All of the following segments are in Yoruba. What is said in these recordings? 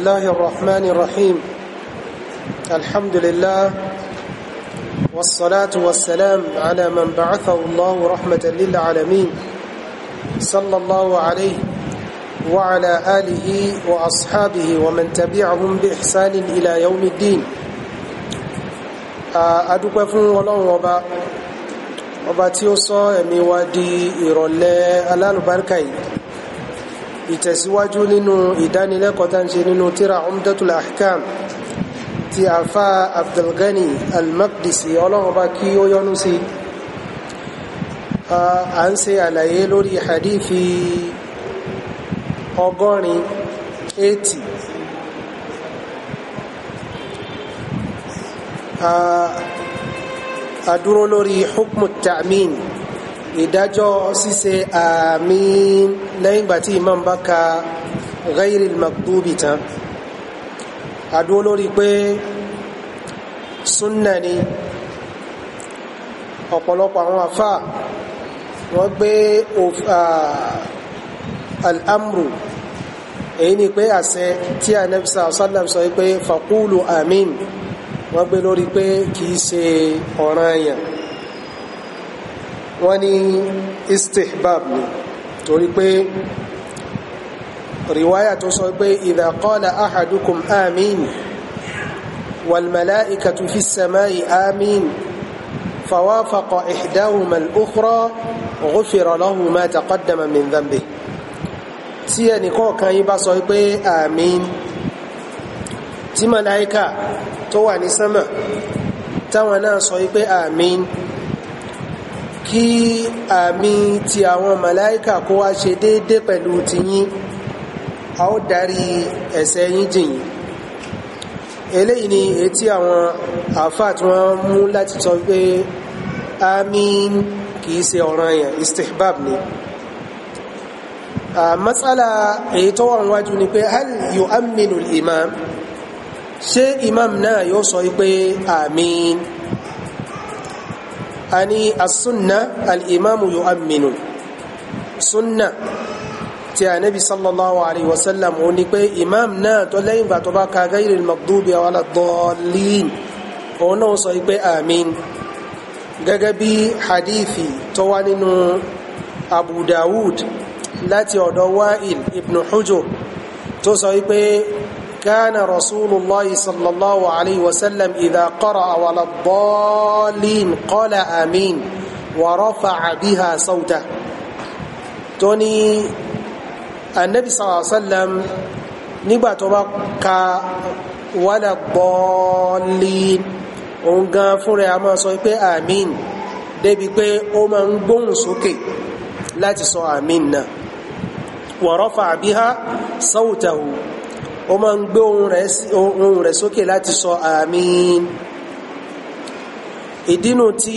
الله الرحمن الرحيم الحمد لله والصلاة والسلام على من بعثه الله رحمة للعالمين صلى الله عليه وعلى آله وأصحابه ومن تبعهم بإحسان إلى يوم الدين أدوك فن ولون وبا وبا تيوصى ميوادي إيرولي ألال بركي ìtẹ̀síwájú nínú ìdánilẹ́kọ̀ọ́ tá ń ṣe nínú tíra umdatul ahkam ti alfa abdulgani almakdisi ọlọ́run bá kí ó yọ́nú sí à ń ṣe àlàyé lórí hadithi ọgọ́rin 80 a dúró lórí hukmu ta'min ìdájọ́ ṣíṣe àmín lẹ́yìn ìgbà tí imam bá ka ghairil maktubi tán àdúró lórí pé súnnà ni ọ̀pọ̀lọpọ̀ àwọn afá wọ́n gbé al'amru èyí ni pé àṣẹ tí a nẹ́bísà ọ̀sánlẹ̀ sọ pé fàkúlù àmín wọ́n gbé lórí pé kìí ṣe ọ̀ranyàn wọ́n ní istihbab ni torí pé riwaya tó sọ pé idha qala ahadukum amin wal malaikatu fi samai amin fawafaqa ihdahuma al-ukhra ghufira lahu ma taqaddama min dhanbi tí ẹnìkọ̀ọ̀kan yín bá sọ pé àmín tí màláíkà tó wà ní sánmà táwọn náà sọ pé àmín kí àmì ti àwọn màláíkà kó wá ṣe déédé pẹ̀lú ti yín a ó darí ẹ̀ṣẹ̀ yín jìn eléyìí ni etí àwọn àfáà tí wọ́n mú láti sọ pé àmín kìí ṣe ọ̀ranyàn istihbab ni matsala èyí tó wọ́n wájú ni pé hal yu'minu al-imam ṣé imam náà yóò sọ pé àmín ani asunna al'imamu yu aminu sunna ti anabi sallallahu alaihi wasallam ó ní pé imam náà tó lẹ́yìn gbà tó bá ka gairi magdubi wala dọ́ọ̀lín òun náà sọ pé amin gẹ́gẹ́ bí hadithi tó wá nínú abu dawud láti ọ̀dọ̀ wa'il ibn hujur tó sọ pé كان رسول الله صلى الله عليه وسلم إذا قرأ ولا الضالين قال آمين ورفع بها صوته توني النبي صلى الله عليه وسلم نبا تبقى ولا الضالين ongan fúnra a máa sọ pé àmín débi pé ó máa ń gbóhùn sókè láti ó máa ń gbé ohun rẹ̀ sókè láti sọ àmín ìdínú tí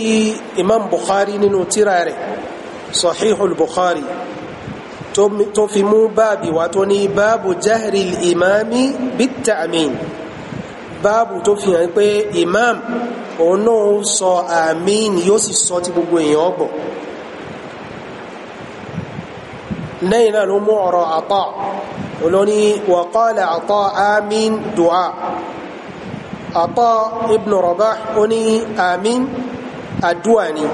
imam bukhari nínú tírà rẹ̀ sahihul bukhari tó fi mú báàbì wá tó ní báàbù jahri imami bit-ta'min báàbù tó fi hàn pé imam òun náà sọ àmín yóò sì sọ tí gbogbo èèyàn gbọ́ lẹ́yìn náà ló mú ọ̀rọ̀ Ata olóní wàkọ́lẹ̀ àtọ́ àmín dùá àtọ́ ibn Rabah oní àmín àdúà ni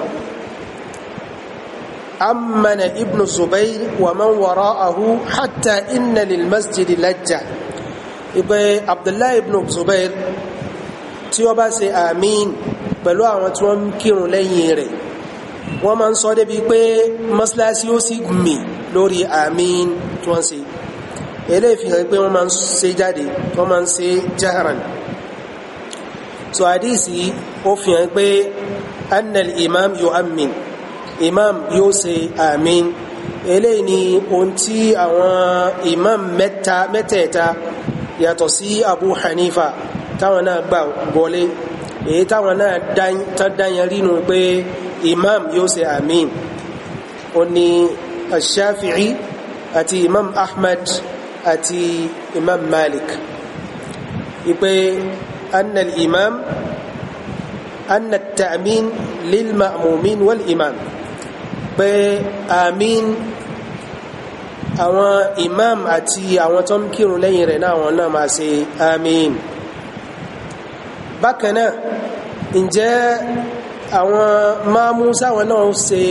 أمن ابن زبير ومن وراءه حتى إن للمسجد لجة ibe abdullahi ibn zubair tí ó bá ṣe àmín pẹ̀lú àwọn tí wọ́n ń kírun lẹ́yìn rẹ̀ wọ́n máa ń sọ débi pé mọ́sálásí ó sì mì lórí àmín tí wọ́n ṣe eléyìí fi hàn pé wọ́n máa ń ṣe jáde wọ́n máa ń ṣe jaharan so àdìsí ó fi hàn pé annal imam yóò amin imam yóò ṣe amin eléyìí ni ohun tí àwọn imam mẹ́ta mẹ́tẹ̀ẹ̀ta yàtọ̀ sí abu hanifa táwọn náà gbà wọlé èyí táwọn náà tán dáyẹn rínú pé imam yóò ṣe amin ó ní ashafi'i àti imam ahmed àti imam malik ipe anna imam anna ta'min lil ma'mumin wal imam pé amin àwọn imam àti àwọn tó ń kírun lẹ́yìn rẹ̀ náà àwọn náà máa ṣe amin bákan náà ǹjẹ́ àwọn máa mú sáwọn náà ṣe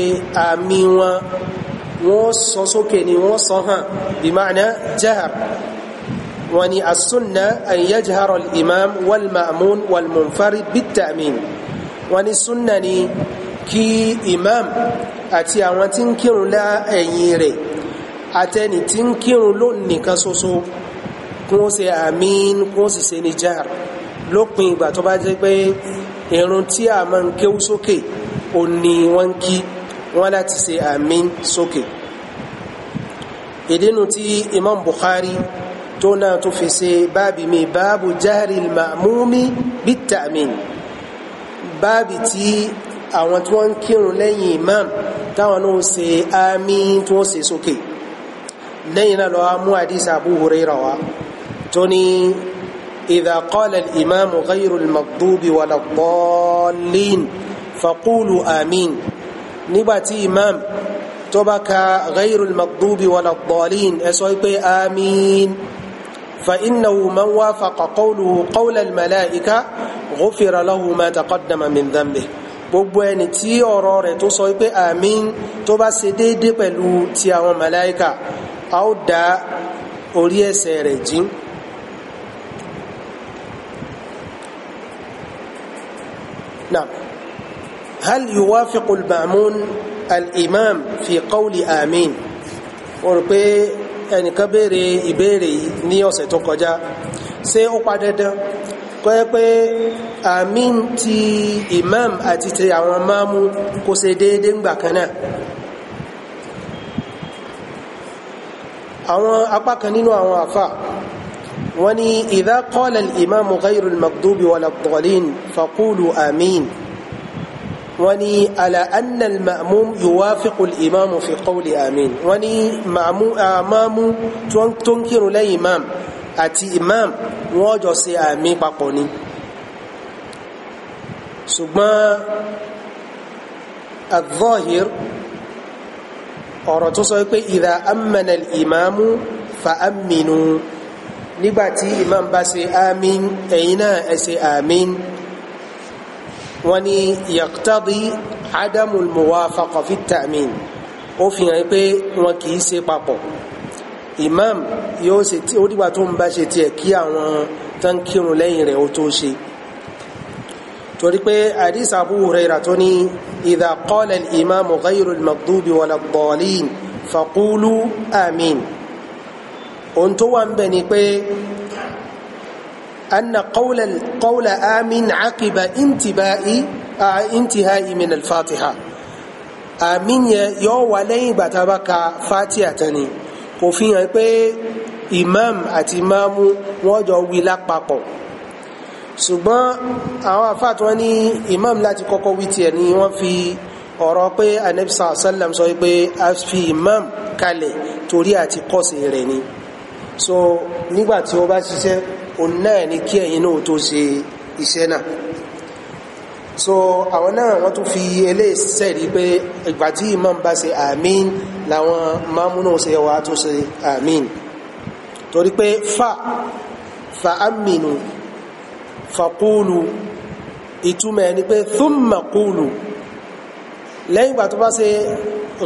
àmì wọn wọ́n sọ sókè ni wọ́n sọ hàn bí ma'ana jahar wọ́n ni as-sunna an yajhar al-imam wal-ma'mun wal-munfarid bit-ta'min wọ́n ni sunna ni kí imam àti àwọn tí ń kírun lẹ́yìn rẹ̀ àtẹni tí ń kírun ló nìkan ṣoṣo kún ó ṣe àmín kún ó sì ṣe ní jahar lópin ìgbà tó bá jẹ́ pé irun tí a máa ń kéwú sókè ò ní wọ́n kí wọn láti ṣe àmín sókè ìdínú tí imam bukhari tó náà tó fi ṣe báàbí mi báàbù jahri al-ma'mumi bit-ta'min báàbí tí àwọn tí wọ́n ń kírun lẹ́yìn imam táwọn náà ṣe àmín tí wọ́n ṣe sókè lẹ́yìn náà lọ́wọ́ mú àdísà Abu Hurairah tó ní إذا قال الإمام غير المغضوب ولا الضالين فقولوا آمين nígbàtí imam tó bá ka ghayrul maghdubi waladdallin ẹ sọ pé amiin fa innahu man wafaqa qawluhu qawlal malaika ghufira lahu ma taqaddama min dhanbihi gbogbo ẹni tí ọ̀rọ̀ rẹ̀ tó sọ pé àmín tó bá ṣe déédé pẹ̀lú ti àwọn màláíkà a ó dá orí ẹ̀ṣẹ̀ rẹ̀ jìn náà هل يوافق المأمون الإمام في قول آمين ورقي ẹnì kan béèrè ìbéèrè yìí ní ọ̀sẹ̀ tó kọjá ṣé ó pa dandan kọ́ ẹ pé àmín ti imam àti ti àwọn máàmú kò ṣe déédéé ńgbà kan náà àwọn apá kan nínú àwọn àfà wọ́n ní idha qala al-imamu ghayru al-maghdubi wala ad-dallin faqulu àmín wọ́n ní ala anna al-ma'mum yuwafiqu al-imam fi qawli amin wọ́n ní ma'mum tó ń kírun lẹ́yìn imam àti imam wọ́n jọ ṣe àmì papọ̀ ni ṣùgbọ́n al-zahir ọ̀rọ̀ tó sọ pé idha ammana al-imamu nígbàtí imam bá ṣe amin ẹ̀yin náà ẹ ṣe amin wọ́n ní yàtàbí adamul muwafaqa fi ta'min ó fi hàn pé wọn kì í ṣe papọ̀ imam yóò ṣe tí ó dìgbà tó ń bá ṣe tiẹ̀ kí àwọn tán kírun lẹ́yìn rẹ̀ ó tó ṣe torí pé àdìs Abu Huraira tó ní idha qala imam ghayru al-maghdubi wala ad amin ohun tó wà ń bẹ̀ ni pé أن قول القول آمين عقب انتباء انتهاء من الفاتحة آمين يو ولين بتبقى فاتحة تاني وفي هيك imam àti imamu wọ́n jọ wí lápapọ̀ ṣùgbọ́n àwọn àfáàtí wọ́n ní imam láti kọ́kọ́ wí tiẹ̀ ni wọ́n fi ọ̀rọ̀ pé anabisa sallam sọ pé a fi imam kalẹ̀ torí àti kọ́sì rẹ̀ ni so nígbà tí ó bá ṣiṣẹ́ òun náà ni kí ẹ̀yin náà tó ṣe iṣẹ́ náà so àwọn náà wọ́n tún fi eléṣẹ́ rí pé ìgbà tí imam bá ṣe àmín làwọn máàmú náà ṣe wà tó ṣe àmín torí pé fa fa aminu fa kúlù ìtumọ̀ ẹni pé thumma kúlù lẹ́yìn ìgbà tó bá ṣe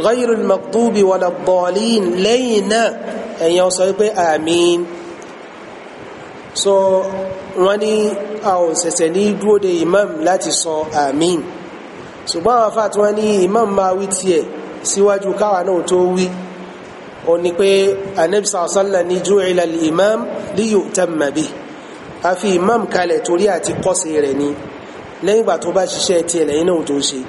ghayrul maktubi wala dhalin lẹ́yìn náà ẹ̀yin sọ pé àmín so wọ́n ní a ò ṣẹ̀ṣẹ̀ ní dúró de imam láti sọ àmín ṣùgbọ́n àwọn afáàtí wọ́n ní imam máa wí tiẹ̀ síwájú káwa náà tó wí ó ní pé anabi sàlọ́sàlá ní ju'ila al-imam li yu'tamma bih a fi imam kalẹ̀ torí àti kọ́sì rẹ̀ ni lẹ́yìn tó bá ṣiṣẹ́ tiẹ̀ lẹ́yìn náà tó ṣe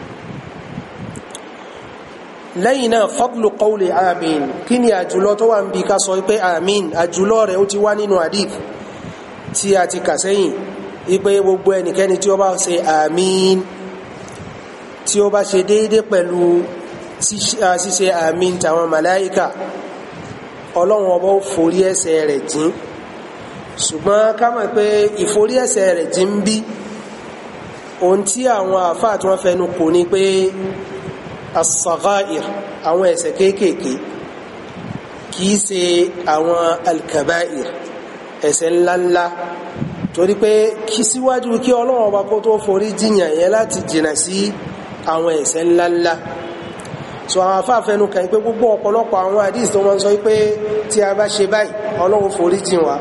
lẹ́yìn náà fadlu qawli àmín kí ni àjùlọ tó wà ń bi ká sọ pé àmín àjùlọ rẹ̀ ó ti wá nínú hadith tí a ti kà sẹ́yìn ipe gbogbo ẹnikẹ́ni tí ó bá ṣe àmín tí ó bá ṣe déédé pẹ̀lú ṣíṣe àmín tàwọn màláíkà ọlọ́run ọba ó forí ẹ̀ṣẹ̀ rẹ̀ jìn ṣùgbọ́n ká mọ̀ pé ìforí ẹ̀ṣẹ̀ rẹ̀ jìn bí ohun tí àwọn àfáà tí wọ́n fẹnu kò ní pé as àwọn ẹ̀ṣẹ̀ kéékèèké kìí ṣe àwọn al ẹ̀ṣẹ̀ ńláńlá torí pé kí síwájú kí ọlọ́run ọba kó tó forí jiyàn yẹn láti jìnà sí àwọn ẹ̀ṣẹ̀ ńláńlá so àwọn afáfẹnu kan pé gbogbo ọ̀pọ̀lọpọ̀ àwọn hadith tó wọ́n sọ pé tí a bá ṣe báyìí ọlọ́run forí jìn wá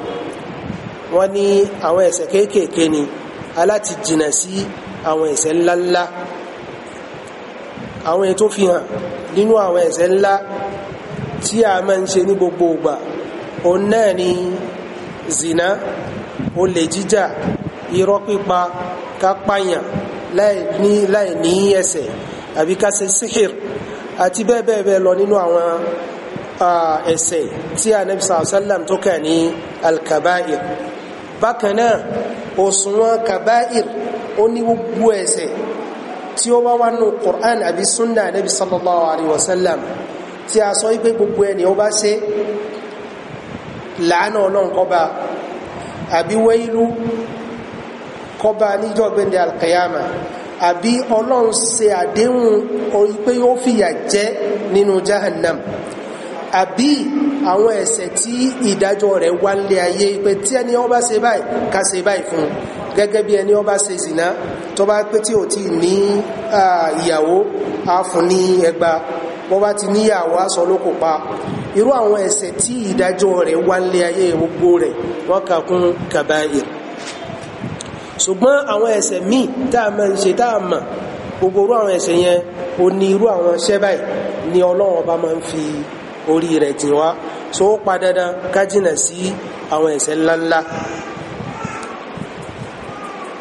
wọ́n ní àwọn ẹ̀ṣẹ̀ kéékèèké ni aláti jìnà sí àwọn ẹ̀ṣẹ̀ ńláńlá àwọn ètò fi hàn nínú àwọn ẹ̀ṣẹ̀ ńlá tí a máa ń ṣe ní gbogbo ìgbà òun náà ni zina olè jíjà irọ́ pípa ká pààyàn láì ní ẹsẹ̀ àbí ká ṣe síhìr àti bẹ́ẹ̀ bẹ́ẹ̀ bẹ́ẹ̀ lọ nínú àwọn ẹ̀ṣẹ̀ tí anabi sàlám tó kà ní alkabair bákan náà òṣùwọ̀n kabair ó ní gbogbo ẹ̀ṣẹ̀ tí ó bá wà nù Qur'an àbí sunna anabi sallallahu alayhi tí a sọ wípé gbogbo ẹni ó bá ṣe làánà ọlọ́run kọba àbí wẹ́ìlú kọba níjọ́ gbẹ̀ndẹ̀ alkayama àbí ọlọ́run ṣe àdéhùn orí pé ó fìyà jẹ nínú jahannam àbí àwọn ẹ̀ṣẹ̀ tí ìdájọ́ rẹ̀ wá lé ayé pé tí ẹni ó bá ṣe báyìí ká ṣe báyìí fún gẹ́gẹ́ bí ẹni ó bá ṣe zìnà pé tí ò tí ní ìyàwó á fún ní ẹgbàá bọ́ bá ti níyàwó aṣọ ló kò pa irú àwọn ẹ̀ṣẹ̀ tí ìdájọ́ rẹ̀ wálé ayé gbogbo rẹ̀ wọ́n kà kún kàbáyìr ṣùgbọ́n àwọn ẹ̀ṣẹ̀ míì tá a máa ń ṣe tá a mọ̀ gbogbo irú àwọn ẹ̀ṣẹ̀ yẹn ó ní irú àwọn iṣẹ́ ni ọlọ́run ọba máa ń fi orí rẹ̀ jìn wá so ó pa dandan ká sí àwọn ẹ̀ṣẹ̀ ńláńlá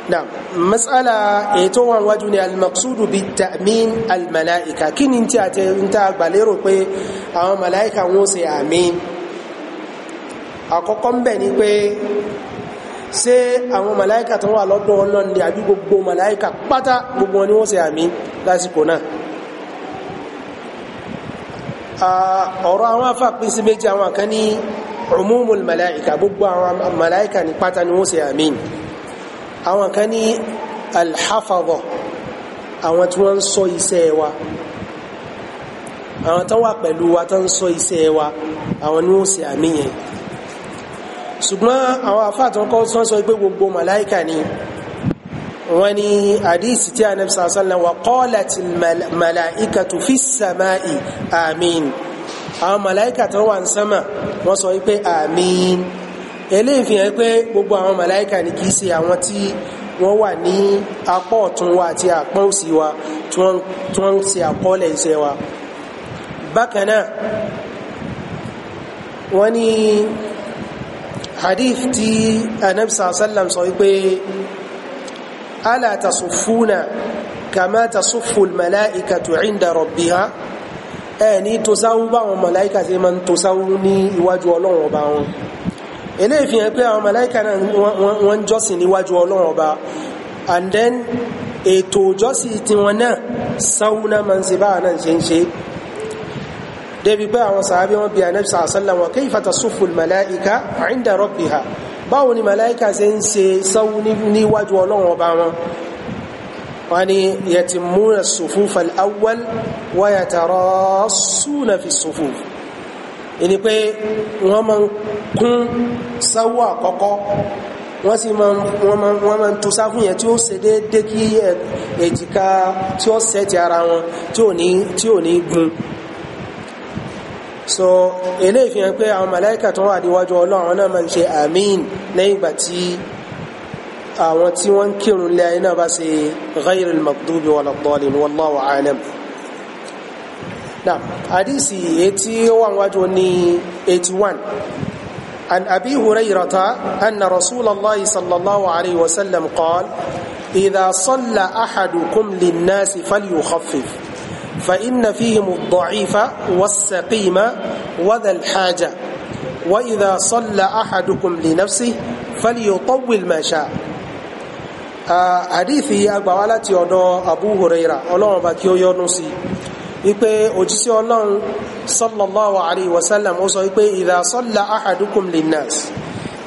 نعم مسألة ايتو وجن المقصود بالتأمين الملائكة كن انت انت باليرو بي او ملائكة وسي امين àkọ́kọ́ ń bẹ̀ ni pé ṣé àwọn màláíkà tó wà lọ́dọ̀ Ọlọ́run ni àbí gbogbo màláíkà pátá gbogbo wọn ni wọ́n ṣe àmì lásìkò náà ọ̀rọ̀ àwọn afá sí méjì àwọn kan ní umumul màláíkà gbogbo àwọn màláíkà ni pátá ni wọ́n ṣe àmì àwọn kan ní alhafadọ àwọn tí wọ́n ń sọ iṣẹ́ wa àwọn tó wà pẹ̀lú wa tó ń sọ iṣẹ́ wa àwọn ni ó ṣe àmì yẹn ṣùgbọ́n àwọn àfáà tó ń kọ́ tó sọ pé gbogbo màláìkà ni wọ́n ní àdíìsì tí anabi sallam wa qalati màláìkàtu fi sàmáì àmín àwọn màláìkà tó wà ń sánmà wọ́n sọ wípé àmín eléyìí fi hàn pé gbogbo àwọn màláìka ni kì í ṣe àwọn tí wọ́n wà ní apá ọ̀tún wa àti apá òsì wa tí wọ́n ń ṣe àkọọ́lẹ̀ iṣẹ́ wa bákan náà wọ́n ní hadith tí anabisa sallam sọ wípé ala tasufuna kama tasufu almalaika inda rabbiha ẹ ní tosawu báwọn màláìka ṣe máa tosawu ní iwájú ọlọ́run ọba wọn eléyìí fi hàn pé àwọn màláíkà náà wọ́n jọ́sìn níwájú ọlọ́run ọba and then ètò ìjọ́sìn tiwọn náà sáwọn náà ń ṣe báwa náà ṣe ń ṣe débi pé àwọn sàábí wọn bí anabi sàásánlá wọn kayfa tasuffu màláíkà 'inda rabbiha báwo ni màláíkà ṣe ń ṣe sáwọn níwájú ọlọ́run ọba wọn wọ́n ní yatimuna as-sufuf al-awwal wa yatarassuna fi as-sufuf ẹni pé wọ́n máa ń kún sáwó àkọ́kọ́ wọ́n sì máa wọ́n máa wọ́n máa ń to sáfù yẹn tí ó ṣe déédé kí èjìká tí ó ṣẹ́ ti ara wọn tí ò ní tí ò ní gun so eléyìí fi hàn pé àwọn màláìkà tó wà níwájú ọlọ́run àwọn náà máa ń ṣe àmín lẹ́yìn ìgbà tí àwọn tí wọ́n ń kírun lé náà bá ṣe ghayril maghdubi wala dhalin wallahu a'lam. نعم حديث 81 عن أبي هريرة أن رسول الله صلى الله عليه وسلم قال إذا صلى أحدكم للناس فليخفف فإن فيهم الضعيف والسقيم وذا الحاجة وإذا صلى أحدكم لنفسه فليطول ما شاء حديث أبو هريرة أبو هريرة الله أبكي يونسي wípé òjíṣẹ́ ọlọ́run sallallahu alayhi wa sallam ó sọ wípé idha salla ahadukum linnas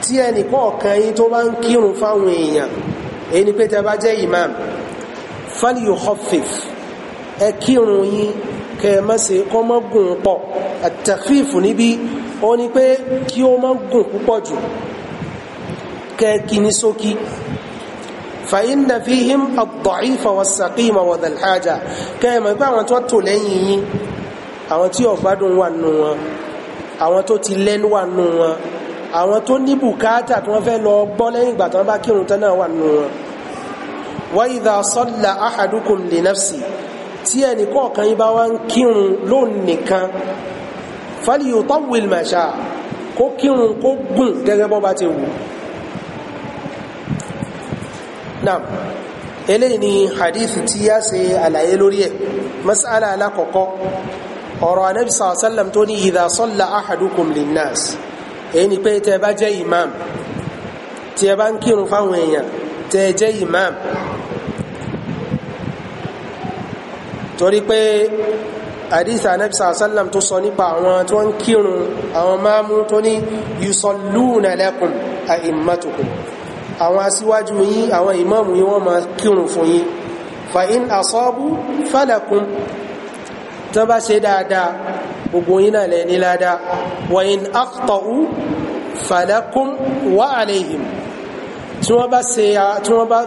tí ẹnì kọ̀ọ̀kan yín tó bá ń kírun fáwọn èèyàn èyí ni pé tẹ bá jẹ́ imam fal yukhaffif فإن فيهم الضعيف والسقيم وذا الحاجة كما يبقى àwọn tó tò lẹ́yìn yín àwọn tí ọ̀gbádùn wà nù wọn àwọn tó ti lẹ́nu wà nù wọn àwọn tó ní bùkátà tí wọ́n fẹ́ lọ gbọ́ lẹ́yìn ìgbà tí wọ́n bá kírun tán wà nù wọn وإذا صلى أحدكم لنفسه tí ẹnì kọ̀ọ̀kan yín bá فليطول ما شاء kó kírun kó naam eléyìí ni hadith tí a ṣe àlàyé lórí ẹ̀ masala alákọ̀ọ́kọ́ ọ̀rọ̀ anabi sallam tó ní idha salla ahadukum linnas èyí ni pé tẹ bá jẹ́ imam tí ẹ bá ń kírun fáwọn èèyàn tẹ jẹ́ imam torí pé àdísà anẹ́bìsà sálàm tó sọ nípa àwọn tó ń kírun àwọn máàmú tó ní yusalluna lakum a'immatukum àwọn aṣíwájú yín àwọn ìmáàmù yín wọ́n máa kírun fún yín fa in asọ́bù falakum tó bá ṣe dáadáa gbogbo yín náà lè ní ládàá wa in akhta'u falakum wa alayhim tí wọ́n bá ṣe tí wọ́n bá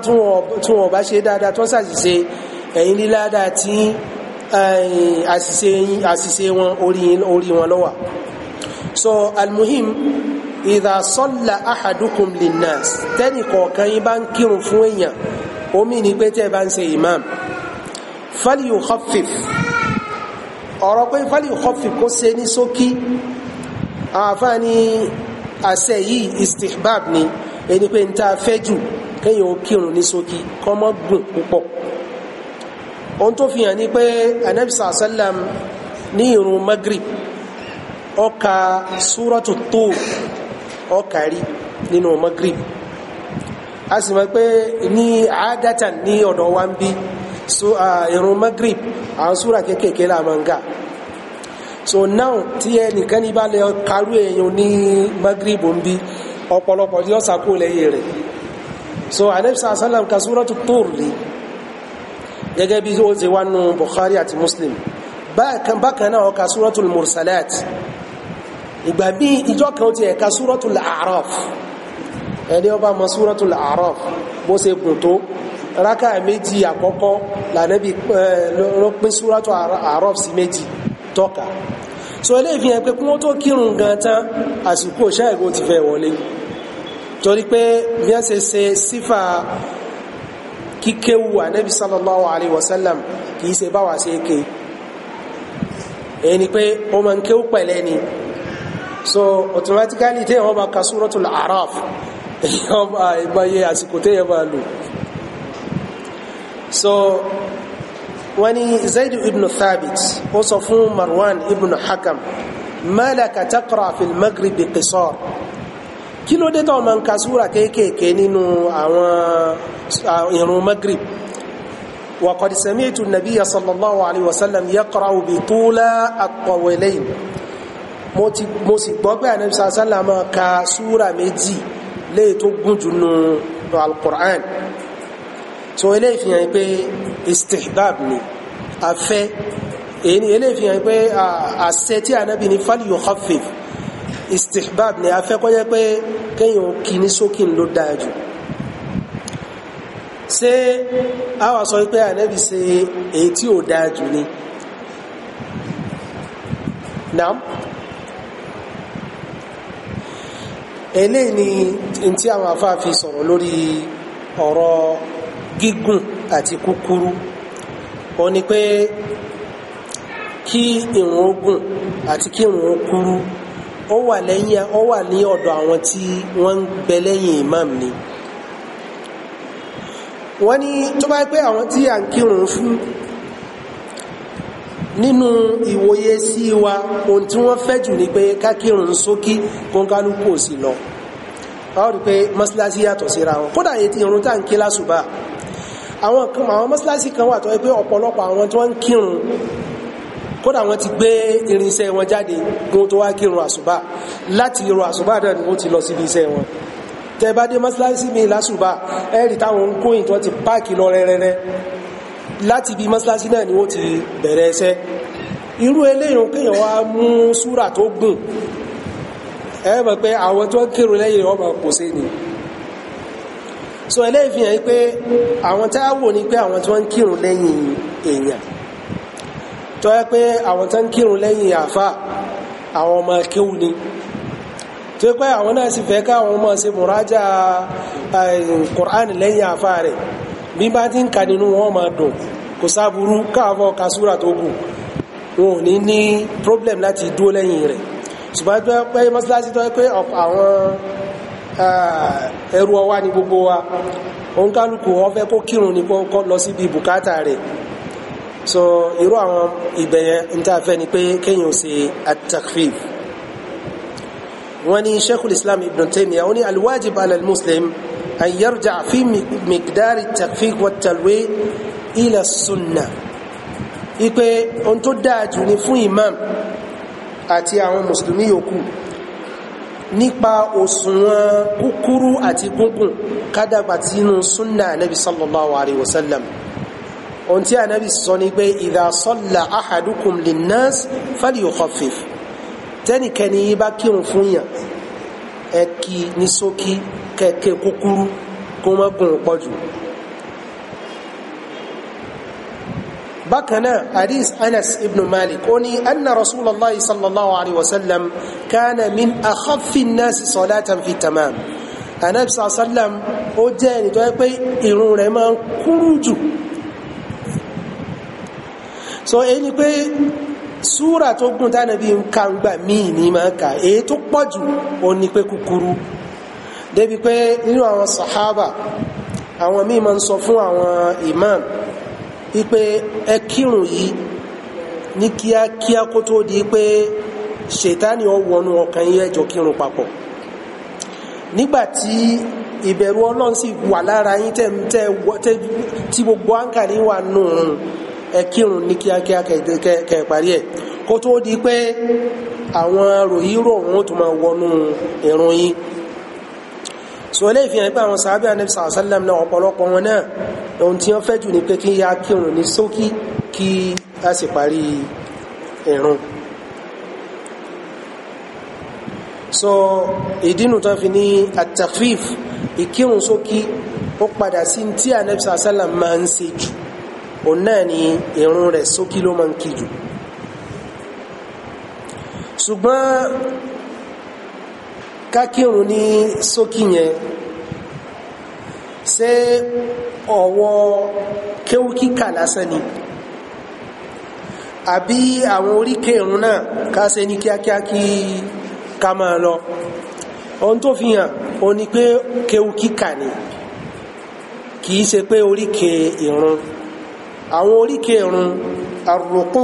dáadáa tí wọ́n ṣàṣìṣe ní ládàá tí àṣìṣe wọn orí wọn ló so almuhim ìdá sọ́là ahadukum linnas tẹ́nì kọ̀ọ̀kan yín bá ń kírun fún èèyàn omi ní pé tẹ́ bá ń ṣe imam fáliyù khaffif ọ̀rọ̀ pé fáliyù khaffif kó ṣe ní ṣókí àáfàá ni àṣẹ yìí istihbab ni ẹni pé ń ta fẹ́ jù kéèyàn ó kírun ní ṣókí kọ́mọ́ gùn púpọ̀ ohun tó fi hàn ní pé anabi sàlám ní irun magrib ó súrọ́tù Tur ọkàrí nínú Maghrib a sì mọ̀ pé ní àádátàn ní ọ̀dọ̀ wa ń bí ìrun Maghrib àwọn súra kéékèèké là máa ń so now tí ẹnìkan ní bá lè karú èèyàn ní Maghrib ń bí ọ̀pọ̀lọpọ̀ tí ó sàkó lẹ́yìn rẹ̀ so anẹ́bísà sálàm ka súratu Tur lè gẹ́gẹ́ bí ó ti wá nù Bukhari àti Muslim bákan náà ó ka súratul Mursalat ìgbà bí ìjọ kan ti ẹ̀ka súrọ́tul A'raf ẹni ọba mọ súrọ́tul A'raf bó ṣe gùn tó rákà méjì àkọ́kọ́ lànàbí ló pín súrọ́tul A'raf sí méjì tọ́ka so eléyìí fi hàn pé kí wọ́n tó kírun gan tán àsìkò ṣáìgò ti fẹ́ wọlé torí pé bí wọ́n ṣe ṣe sífà kíkéwu ànábì sallallahu alayhi kì í ṣe báwa ṣe ké ẹni pé ó máa pẹ̀lẹ́ ni so automatically tí èèyàn bá ka suratul araf èèyàn bá ìgbàyè àsìkò tí èèyàn bá lò so wọ́n ní zaid ibn thabit ó sọ fún marwan ibn hakam malaka taqra fil maghrib qisar kí ló dé tó máa ń ka súra kéékèèké nínú àwọn ìrun maghrib wa qad sami'tu an-nabiyya sallallahu alayhi wa sallam yaqra'u bi tula at-tawilayn mo sì gbọ́ pé ànábì sàásánlá máa ka súra méjì léè tó gùn jù nù alukur'an so eléyìí fi hàn pé istihbab ni afẹ́ èyí eléyìí fi hàn pé àṣẹ tí ànábì ní fal yukhaffif istihbab ni afẹ́ kọ́ jẹ́ pé kéèyàn kì ní sókè ló dáa jù ṣé a wà sọ pé ànábì ṣe èyí tí ò dáa jù ni naam. eléyìí ni tí àwọn afá fi sọ̀rọ̀ lórí ọ̀rọ̀ gígùn àti kúkúrú ó ní pé kí ìrun ogun àti kí ìrun okúrú ó wà lẹ́yìn ó wà ní ọ̀dọ̀ àwọn tí wọ́n ń bẹ lẹ́yìn imam ni wọ́n ní tó bá pé àwọn tí à ń kírun fún nínú ìwòye sí wa ohun tí wọ́n fẹ́ jù ni pé kákírun sókí kónkálukú sí lọ àwọn rí pé mọ́síláṣí yàtọ̀ síra wọn kódà èyí ti irun tá ń kí lásùbà àwọn mọ́síláṣí kan wà tó pé ọ̀pọ̀lọpọ̀ àwọn tí wọ́n ń kírun kódà wọ́n ti gbé irinṣẹ́ wọn jáde kó tó wá kírun àsùbà láti irun àsùbà náà ni wọ́n ti lọ síbi iṣẹ́ wọn tẹ́ bá dé mọ́síláṣí mi lásùbà ẹ̀rí táwọn ń kóyìn tó ti páàkì lọ rẹ́rẹ́rẹ́ láti bí mọ́sálásí náà ni wọ́n ti bẹ̀rẹ̀ ẹsẹ́ irú eléyìn kéèyàn wá mú súrà tó gùn ẹ pé àwọn tó ń lẹ́yìn wọ́n máa pòṣe ni so eléyìí fi hàn pé àwọn tá a ni pé àwọn tó ń kírun lẹ́yìn èèyàn tó yẹ pé àwọn tó ń kírun lẹ́yìn àfa àwọn ọmọ kéwù ni tó yẹ pé àwọn náà sì fẹ́ káwọn ọmọ ṣe mùrájà Kùránì bí bá ti ń ka nínú wọn máa dùn kò sáburú káàbọ̀ ka tó kù wọn ò ní ní problem láti dúró lẹ́yìn rẹ̀ ṣùgbọ́n pé mọ́sálásí tó yẹ pé àwọn eh, ẹrú ọwá ni gbogbo wa òun kálukú wọn fẹ́ kó kírun ní kọ́ lọ síbi bùkátà rẹ̀ so irú àwọn ìbẹ̀yẹn ń tà fẹ́ ni pé kéèyàn ṣe at-takhfif wọ́n ní Sheikhul Islam Ibn Taymiyyah wọ́n ní al-wajib muslim أن يرجع في مقدار التخفيف والتلوين إلى السنة ipe ohun tó dáa jù ni fún imam àti àwọn mùsùlùmí yòókù nípa òṣùwọ̀n kúkúrú àti gúngùn kádàgbà sínú súnà anabi sallallahu alayhi wa sallam ohun tí anabi sọ ni pé idha salla ahadukum linnas falyukhaffif tẹ́nìkẹ́ni yí bá kírun fún yàn ẹ kí ní ṣókí. So kẹ̀kẹ́ kúkúrú kó má gùn pọ̀ jù bákan hadith anas ibn malik ó ní anna rasulallah sallallahu alaihi wasallam kana min akhaffi nasi salatan fi tamam anabi sallam ó jẹ́ ẹni tó pé irun rẹ̀ máa kúrú jù so èyí pé súra tó gùn tánàbí ń ka ń gbà míì ní máa ń èyí tó pọ̀ jù ó ní pé kúkúrú débi pé nínú àwọn sahaba, àwọn míì máa ń sọ fún àwọn imam wípé ẹ kírun yìí ní kíákíá kó tó di pé ṣètánì ó wọnú ọkàn yín ẹ jọ kírun papọ̀ nígbàtí ìbẹ̀rù ọlọ́run sì wà lára yín tẹ́ tí gbogbo áńkàrí wà nù ẹ kírun ní kíákíá kẹ́ parí ẹ̀ kó tó di pé àwọn ròyìnròhún tó máa wọnú ìrun yín so eléyìí fi hàn pé àwọn sàábẹ́ anabi sàlá sàlám náà ọ̀pọ̀lọpọ̀ wọn náà ohun tí wọ́n fẹ́ jù ni pé kí a kírun ní ṣókí kí a sì parí ìrun so ìdínú tó fi ní atafif ìkírun ṣókí ó padà sí tí anabi sàlá sàlám máa ń ṣe jù òun náà ni ìrun rẹ̀ ṣókí ló máa ń kí jù ṣùgbọ́n kákírun ní sókí yẹn ṣé ọ̀wọ́ kéwú kíkà lásán ni àbí àwọn orike irun náà ká ṣe ní kíákíá kí ká máa lọ ohun tó fi hàn o ni pé kéwú kíkà ni k'i í ṣe pé oríkè irun àwọn oríkè irun àrùkù